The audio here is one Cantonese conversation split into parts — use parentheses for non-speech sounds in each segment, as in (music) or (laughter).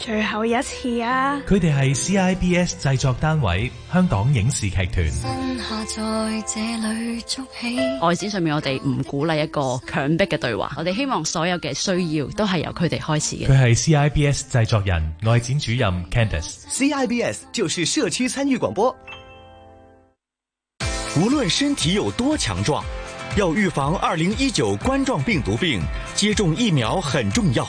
最後一次啊！佢哋係 CIBS 製作單位香港影視劇團。身下在這裡築起外展上面，我哋唔鼓勵一個強迫嘅對話，我哋希望所有嘅需要都係由佢哋開始嘅。佢係 CIBS 製作人，外展主任 Candice。CIBS 就是社區參與廣播。無論身體有多強壯，要預防二零一九冠狀病毒病，接種疫苗很重要。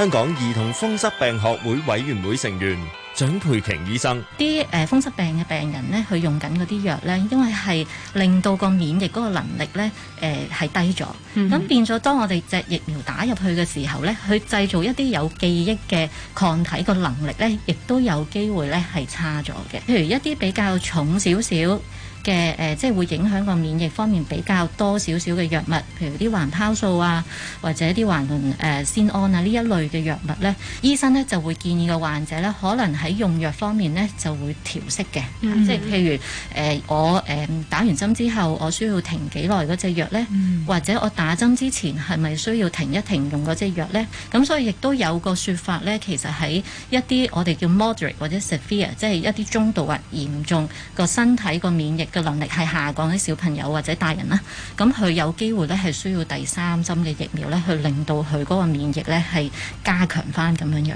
香港兒童風濕病學會委員會，成員蔣佩瓊醫生：啲誒風濕病嘅病人咧，佢用緊嗰啲藥咧，因為係令到個免疫嗰個能力咧，誒係低咗，咁、mm hmm. 變咗當我哋隻疫苗打入去嘅時候咧，去制造一啲有記憶嘅抗體個能力咧，亦都有機會咧係差咗嘅。譬如一啲比較重少少。嘅誒，即係會影響個免疫方面比較多少少嘅藥物，譬如啲環孢素啊，或者啲環酮誒、鈈、呃、胺啊呢一類嘅藥物咧，醫生咧就會建議個患者咧，可能喺用藥方面咧就會調適嘅，即係、mm hmm. 譬如誒、呃，我誒、呃、打完針之後，我需要停幾耐嗰隻藥咧？mm hmm. 或者我打針之前係咪需要停一停用嗰隻藥咧？咁所以亦都有個説法咧，其實喺一啲我哋叫 moderate 或者 severe，即係一啲中度或嚴重個身體個免疫。能力係下降啲小朋友或者大人啦，咁佢有機會咧係需要第三針嘅疫苗咧，去令到佢嗰個免疫咧係加強翻咁樣樣。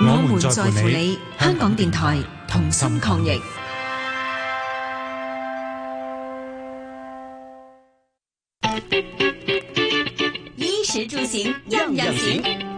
我們在乎你，香港電台同心抗疫，衣食住行樣樣行。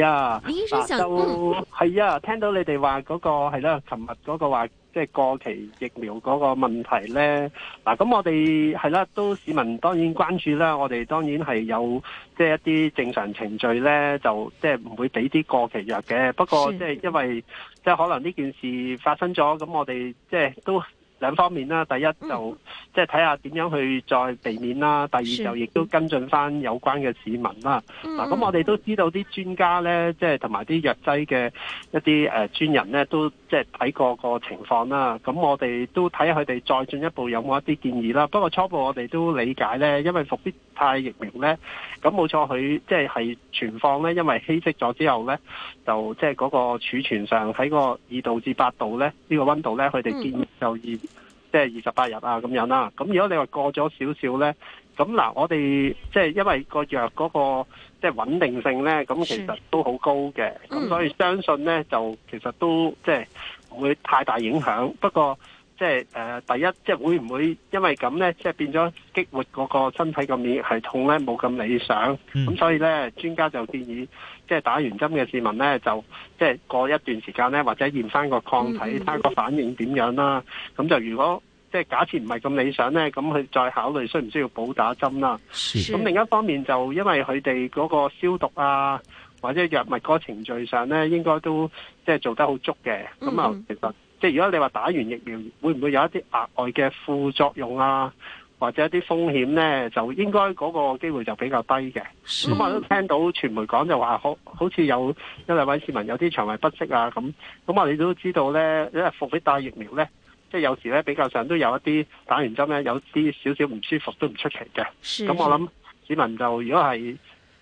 啊，嗱，係啊，聽到你哋話嗰個係啦，琴日嗰個話即係過期疫苗嗰個問題咧，嗱，咁我哋係啦，都市民當然關注啦，我哋當然係有即係、就是、一啲正常程序咧，就即係唔會俾啲過期藥嘅。不過即係因為即係、就是、可能呢件事發生咗，咁我哋即係都。兩方面啦，第一就即係睇下點樣去再避免啦，嗯、第二就亦都跟進翻有關嘅市民啦。嗱、嗯，咁我哋都知道啲專家呢，即係同埋啲藥劑嘅一啲誒專人呢，都即係睇過個情況啦。咁我哋都睇下佢哋再進一步有冇一啲建議啦。不過初步我哋都理解呢，因為復必泰疫苗呢，咁冇錯佢即係係存放呢，因為稀釋咗之後呢，就即係嗰個儲存上喺個二度至八度呢，呢、呢個溫度呢，佢哋建議就即係二十八日啊，咁樣啦。咁如果你話過咗少少咧，咁嗱，我哋即係因為個藥嗰個即係穩定性咧，咁其實都好高嘅。咁所以相信咧，就其實都即係唔會太大影響。不過，即係誒、呃，第一即係會唔會因為咁咧，即係變咗激活嗰個身體個免疫系統咧，冇咁理想，咁、嗯、所以咧專家就建議，即係打完針嘅市民咧就即係過一段時間咧，或者驗返個抗體，睇、嗯嗯、個反應點樣啦。咁就如果即係假設唔係咁理想咧，咁佢再考慮需唔需要補打針啦。咁是另一方面就因為佢哋嗰個消毒啊或者藥物個程序上咧，應該都即係做得好足嘅。咁啊、嗯，其實。即係如果你話打完疫苗會唔會有一啲額外嘅副作用啊，或者一啲風險呢，就應該嗰個機會就比較低嘅。咁的我都聽到傳媒講就話好，好似有一兩位市民有啲腸胃不適啊咁。咁我哋都知道呢，因為復必泰疫苗呢，即、就、係、是、有時呢比較上都有一啲打完針呢，有啲少少唔舒服都唔出奇嘅。咁的我諗市民就如果係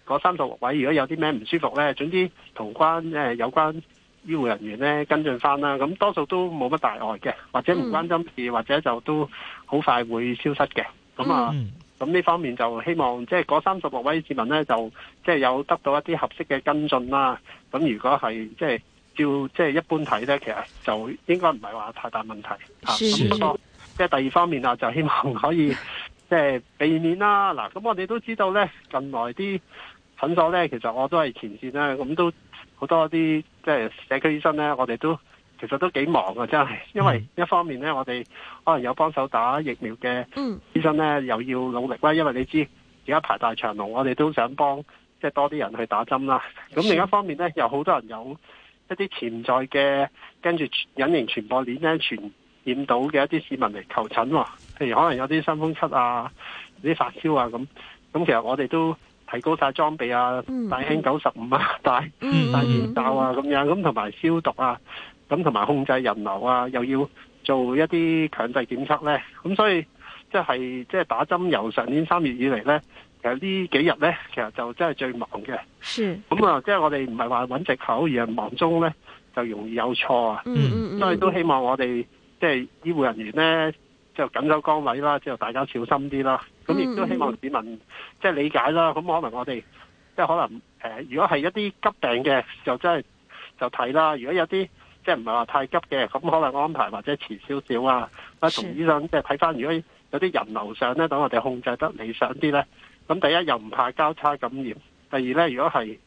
嗰三十六位如果有啲咩唔舒服呢，總之同關、呃、有關醫護人員咧跟進返啦，咁多數都冇乜大礙嘅，或者唔關心事，嗯、或者就都好快會消失嘅。咁啊，咁呢、嗯、方面就希望即係嗰三十六位市民咧，就即、是、係、就是、有得到一啲合適嘅跟進啦、啊。咁如果係即係照即係、就是、一般睇咧，其實就應該唔係話太大問題。咁不過即係第二方面啊，就希望可以即係、就是、避免啦、啊。嗱，咁我哋都知道咧，近來啲診所咧，其實我都係前線啦，咁都好多啲。即係社區醫生呢，我哋都其實都幾忙啊！真係，因為一方面呢，我哋可能有幫手打疫苗嘅醫生呢，嗯、又要努力啦、啊。因為你知而家排大長龍，我哋都想幫即係、就是、多啲人去打針啦。咁另一方面呢，又好多人有一啲潛在嘅跟住隱形傳播鏈呢傳染到嘅一啲市民嚟求診、啊，譬如可能有啲新風濕啊、啲發燒啊咁。咁其實我哋都。提高晒裝備啊，戴 N95 啊，mm hmm. 帶、mm hmm. 戴面罩啊，咁樣咁同埋消毒啊，咁同埋控制人流啊，又要做一啲強制檢測咧，咁所以即係即係打針由上年三月以嚟咧，其實呢幾日咧，其實就真係最忙嘅。咁是啊，即係我哋唔係話揾藉口，而係忙中咧就容易有錯啊。嗯嗯、mm hmm. 所以都希望我哋即係醫護人員咧。就緊守崗位啦，之後大家小心啲啦。咁亦都希望市民即係理解啦。咁可能我哋即係可能誒，如果係一啲急病嘅，就真係就睇啦。如果有啲即係唔係話太急嘅，咁可能安排或者遲少少啊。同醫生即係睇翻，如果有啲人流上咧，等我哋控制得理想啲咧。咁第一又唔怕交叉感染，第二咧，如果係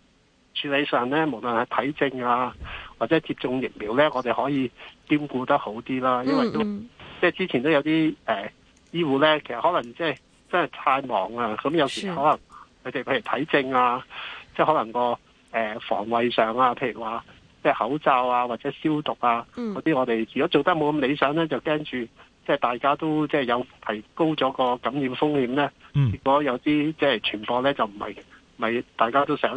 處理上咧，無論係睇症啊，或者接種疫苗咧，我哋可以兼顧得好啲啦。因為都。即係之前都有啲誒、呃、醫護咧，其實可能即係真係太忙啊，咁有時可能佢哋譬如睇症啊，即係可能個誒、呃、防衛上啊，譬如話即係口罩啊或者消毒啊嗰啲，嗯、我哋如果做得冇咁理想咧，就驚住即係大家都即係有提高咗個感染風險咧，結、嗯、果有啲即係傳播咧，就唔係咪大家都想？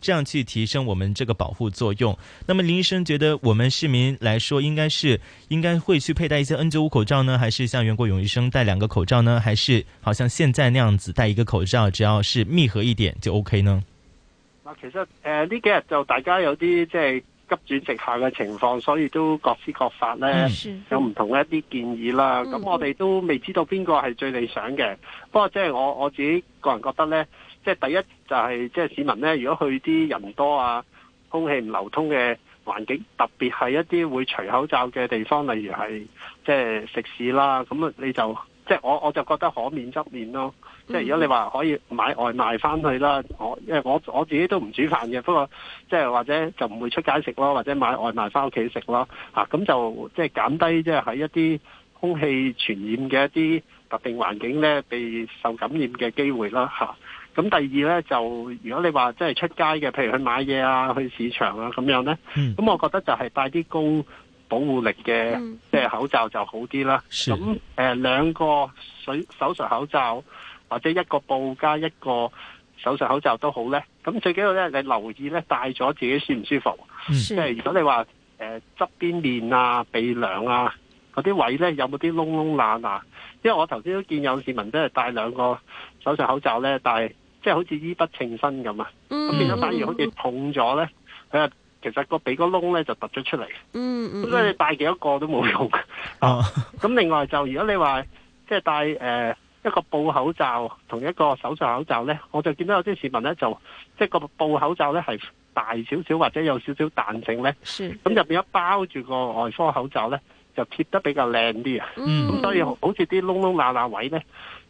這樣去提升我們這個保護作用。那麼林醫生覺得我們市民來說，應該是應該會去佩戴一些 N 九五口罩呢，還是像袁國勇醫生戴兩個口罩呢，還是好像現在那樣子戴一個口罩，只要是密合一點就 OK 呢？嗱，其實誒呢、呃、幾日就大家有啲即係急轉直下嘅情況，所以都各施各法呢。嗯、有唔同嘅一啲建議啦。咁、嗯嗯、我哋都未知道邊個係最理想嘅。不過即係我我自己個人覺得呢。即係第一就係即係市民咧，如果去啲人多啊、空氣唔流通嘅環境，特別係一啲會除口罩嘅地方，例如係即係食肆啦，咁啊你就即係、就是、我我就覺得可免則免咯。即係、mm hmm. 如果你話可以買外賣翻去啦，我因為我我自己都唔煮飯嘅，不過即係或者就唔會出街食咯，或者買外賣翻屋企食咯，吓、啊、咁就即係減低即係喺一啲空氣傳染嘅一啲特定環境咧，被受感染嘅機會啦，吓、啊。咁第二咧就，如果你話即係出街嘅，譬如去買嘢啊，去市場啊咁樣咧，咁、嗯、我覺得就係戴啲高保護力嘅、嗯、口罩就好啲啦。咁兩的、呃、個水手手術口罩或者一個布加一個手術口罩都好咧。咁最緊要咧，你留意咧戴咗自己舒唔舒服？嗯、即係如果你話誒側邊面啊、鼻梁啊嗰啲位咧有冇啲窿窿罅啊？因為我頭先都見有市民都係戴兩個手術口罩咧，但即係好似衣不稱身咁啊！咁變咗反而好似痛咗咧。佢就其實個鼻個窿咧就凸咗出嚟。咁、嗯嗯、所以你戴幾多個都冇用。咁、嗯、另外就如果你話即係戴誒、呃、一個布口罩同一個手術口罩咧，我就見到有啲市民咧就即係個布口罩咧係大少少或者有少少彈性咧。咁入面一包住個外科口罩咧，就貼得比較靚啲啊！咁、嗯、所以好似啲窿窿罅罅位咧。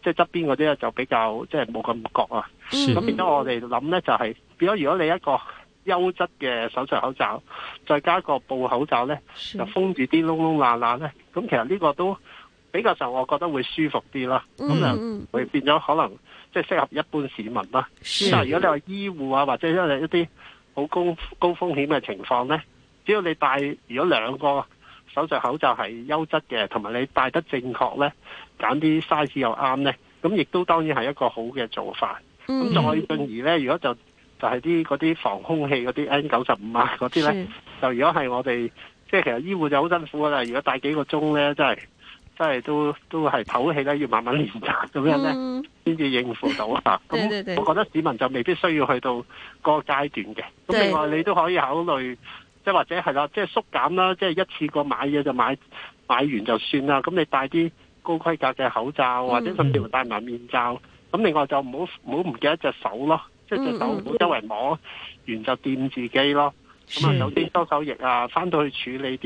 即係側邊嗰啲咧就比較即係冇咁焗啊，咁是變咗我哋諗咧就係變咗如果你一個優質嘅手術口罩，再加個布口罩咧，是就封住啲窿窿罅罅咧，咁其實呢個都比較就我覺得會舒服啲啦，咁啊、嗯、會變咗可能即係適合一般市民啦。但係是如果你話醫護啊，或者因為一啲好高高風險嘅情況咧，只要你戴如果兩個。口罩口罩係優質嘅，同埋你戴得正確咧，揀啲 size 又啱咧，咁亦都當然係一個好嘅做法。咁、嗯、再進而咧，如果就就係啲嗰啲防空氣嗰啲 N 九十五啊嗰啲咧，是就如果係我哋即係其實醫護就好辛苦噶啦，如果戴幾個鐘咧，真係真係都都係透氣咧，要慢慢練習咁樣咧，先至、嗯、應付到啊。咁 (laughs) 我覺得市民就未必需要去到個階段嘅。咁對另外你都可以考慮。即或者係、就是、啦，即係縮減啦，即係一次過買嘢就買買完就算啦。咁你戴啲高規格嘅口罩，mm hmm. 或者甚至乎戴埋面罩。咁另外就唔好唔好唔記得隻手咯，即係隻手唔好周圍摸、mm hmm. 完就掂自己咯。咁啊，有啲多手液啊，翻到去處理啲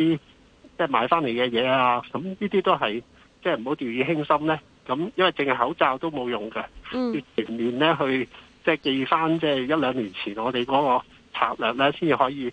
即係買翻嚟嘅嘢啊。咁呢啲都係即係唔好掉以輕心咧。咁因為淨係口罩都冇用嘅，mm hmm. 要全面咧去即係、就是、記翻即係一兩年前我哋嗰個策略咧，先至可以。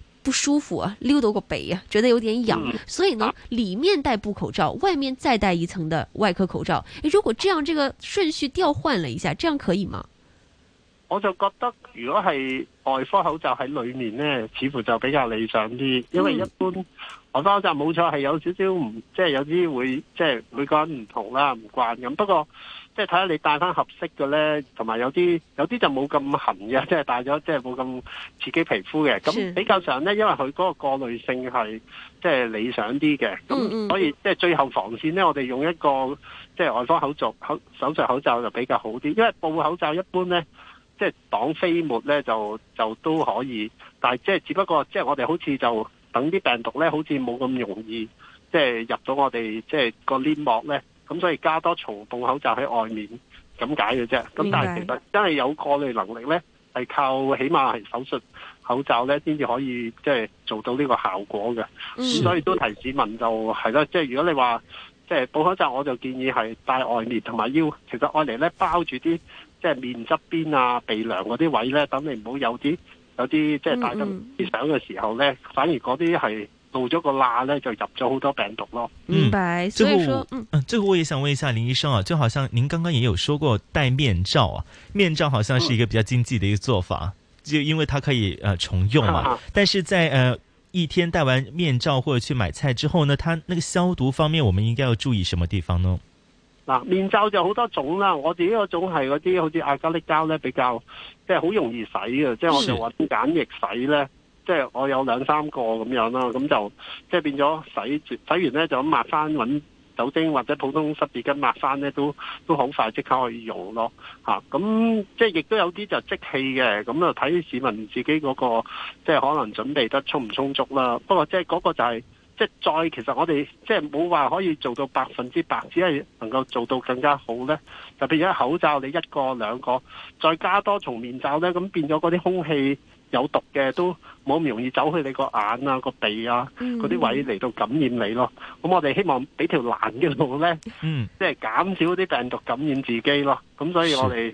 不舒服啊，溜到個鼻啊，覺得有點癢，嗯、所以呢，裏面戴布口罩，外面再戴一層的外科口罩。如果這樣，這個順序調換了一下，這樣可以嗎？我就覺得如果係外科口罩喺裏面呢，似乎就比較理想啲，因為一般外科口罩冇錯係有少少唔，即係有啲會，即係每個人唔同啦，唔慣咁，不過。即係睇下你戴翻合適嘅咧，同埋有啲有啲就冇咁痕嘅，即係戴咗即係冇咁刺激皮膚嘅。咁比較上咧，因為佢嗰個過濾性係即係理想啲嘅。咁所以即係、就是、最後防線咧，我哋用一個即係、就是、外科口罩、手術口罩就比較好啲。因為布口罩一般咧，即係擋飛沫咧就就都可以，但係即係只不過即係、就是、我哋好似就等啲病毒咧，好似冇咁容易即係、就是、入到我哋即係個黏膜咧。咁、嗯、所以加多重布口罩喺外面咁解嘅啫。咁但係其實真係有過濾能力咧，係靠起碼係手術口罩咧先至可以即係做到呢個效果嘅。咁、嗯、所以都提市民就係啦，即係如果你話即係布口罩，我就建議係戴外面同埋要。其實用嚟咧包住啲即係面側邊啊、鼻梁嗰啲位咧，等你唔好有啲有啲即係戴緊啲相嘅時候咧，嗯嗯反而嗰啲係。露咗個罅咧，就入咗好多病毒咯。嗯，白，最後嗯嗯，最後我也想問一下林醫生啊，就好像您剛剛也有說過戴面罩啊，面罩好像是一個比較經濟的一個做法，嗯、就因為它可以、呃、重用嘛。但是在呃一天戴完面罩或者去買菜之後呢，它那個消毒方面我們應該要注意什麼地方呢？嗱，面罩就好多種啦，我自己嗰種係嗰啲好似亞加力膠咧，比較即係好容易洗嘅，即係我就話鹼液洗咧。即係我有兩三個咁樣啦，咁就即係變咗洗洗完呢，就咁抹翻揾酒精或者普通濕紙巾抹翻呢，都都好快即刻可以用咯嚇。咁、啊、即係亦都有啲就即棄嘅，咁啊睇市民自己嗰、那個即係可能準備得充唔充足啦。不過即係嗰個就係、是、即係再其實我哋即係冇話可以做到百分之百，只係能夠做到更加好呢。就變咗口罩你一個兩個再加多重面罩呢，咁變咗嗰啲空氣有毒嘅都。好唔容易走去你個眼啊個鼻啊嗰啲、嗯、位嚟到感染你咯，咁我哋希望俾條難嘅路咧，嗯、即係減少啲病毒感染自己咯，咁所以我哋。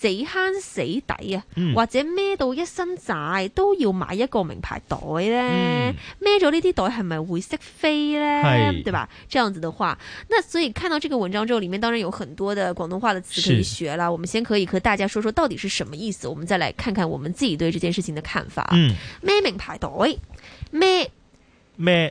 死慳死抵啊，或者孭到一身債都要買一個名牌袋咧，孭咗、嗯、呢啲袋係咪會識飛咧？嘿對吧？這樣子的話，那所以看到這個文章之後，裏面當然有很多的廣東話的詞可以學啦。是我們先可以和大家說說到底是什麼意思，我們再來看看我們自己對這件事情的看法。孭、嗯、名牌袋，孭？孭？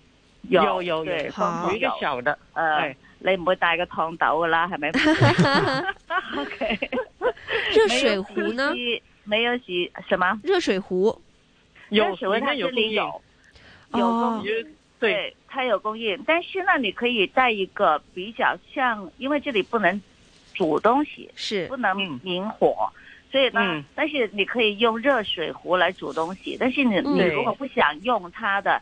有有有，有一個小的，誒，你不會帶個燙斗噶啦，係咪？OK，熱水壺呢？沒有洗什麼？熱水壺，熱水壺，它這裏有，有供應，對，它有供應。但是呢，你可以帶一個比較像，因為這裏不能煮東西，是不能明火，所以呢，但是你可以用熱水壺來煮東西。但是你你如果不想用它的。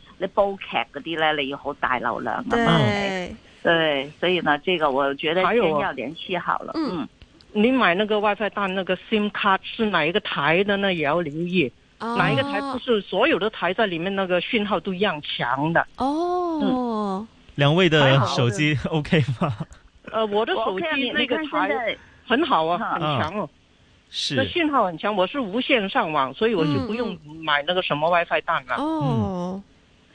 啲咧，你又好大流量啊嘛，對，對，所以呢，這個我覺得先要聯繫好了。嗯，你買那個 WiFi 蛋，那個 SIM 卡是哪一個台的呢，呢也要留意。哦、哪一個台不是所有的台在裏面那個訊號都一樣強的？哦，嗯、兩位的手機 OK 嗎？呃、哦，我的手機那個台很好啊，哦、很強哦、啊，是。那訊號很強，我是無線上網，所以我就不用，嗯、買那個什麼 WiFi 蛋了哦。嗯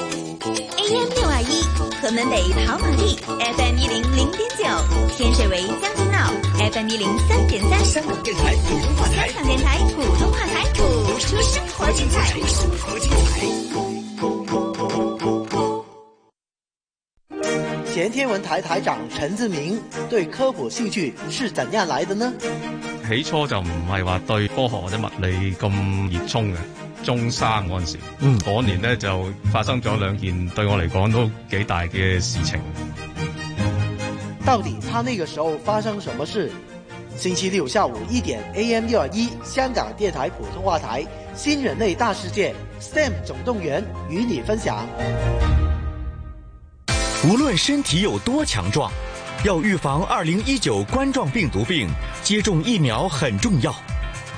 AM 六二一，河門北跑馬地，FM 一零零點九，天水圍將軍澳，FM 一零三點三。香港電台普通話台，香港電台普通話台，播出生活精彩。生活精彩。前天文台台長陳志明對科普興趣是怎樣來的呢？起初就唔係話對科學或者物理咁熱衷嘅。中山嗰陣時，嗰年呢，就發生咗兩件對我嚟講都幾大嘅事情。到底他那個時候發生什麼事？星期六下午一點 AM 六二一香港電台普通話台《新人類大世界》，Sam 總動員與你分享。無論身體有多強壯，要預防二零一九冠狀病毒病，接種疫苗很重要。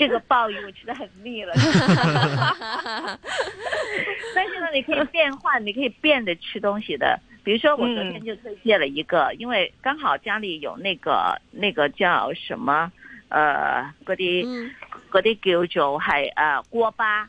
這個鮑魚我吃的很膩了，但是呢你，你可以變換，你可以變着吃東西的。比如說，我昨天就推薦了一個，嗯、因為剛好家裏有那個那個叫什麼，呃，嗰啲嗰啲叫做係呃鍋巴。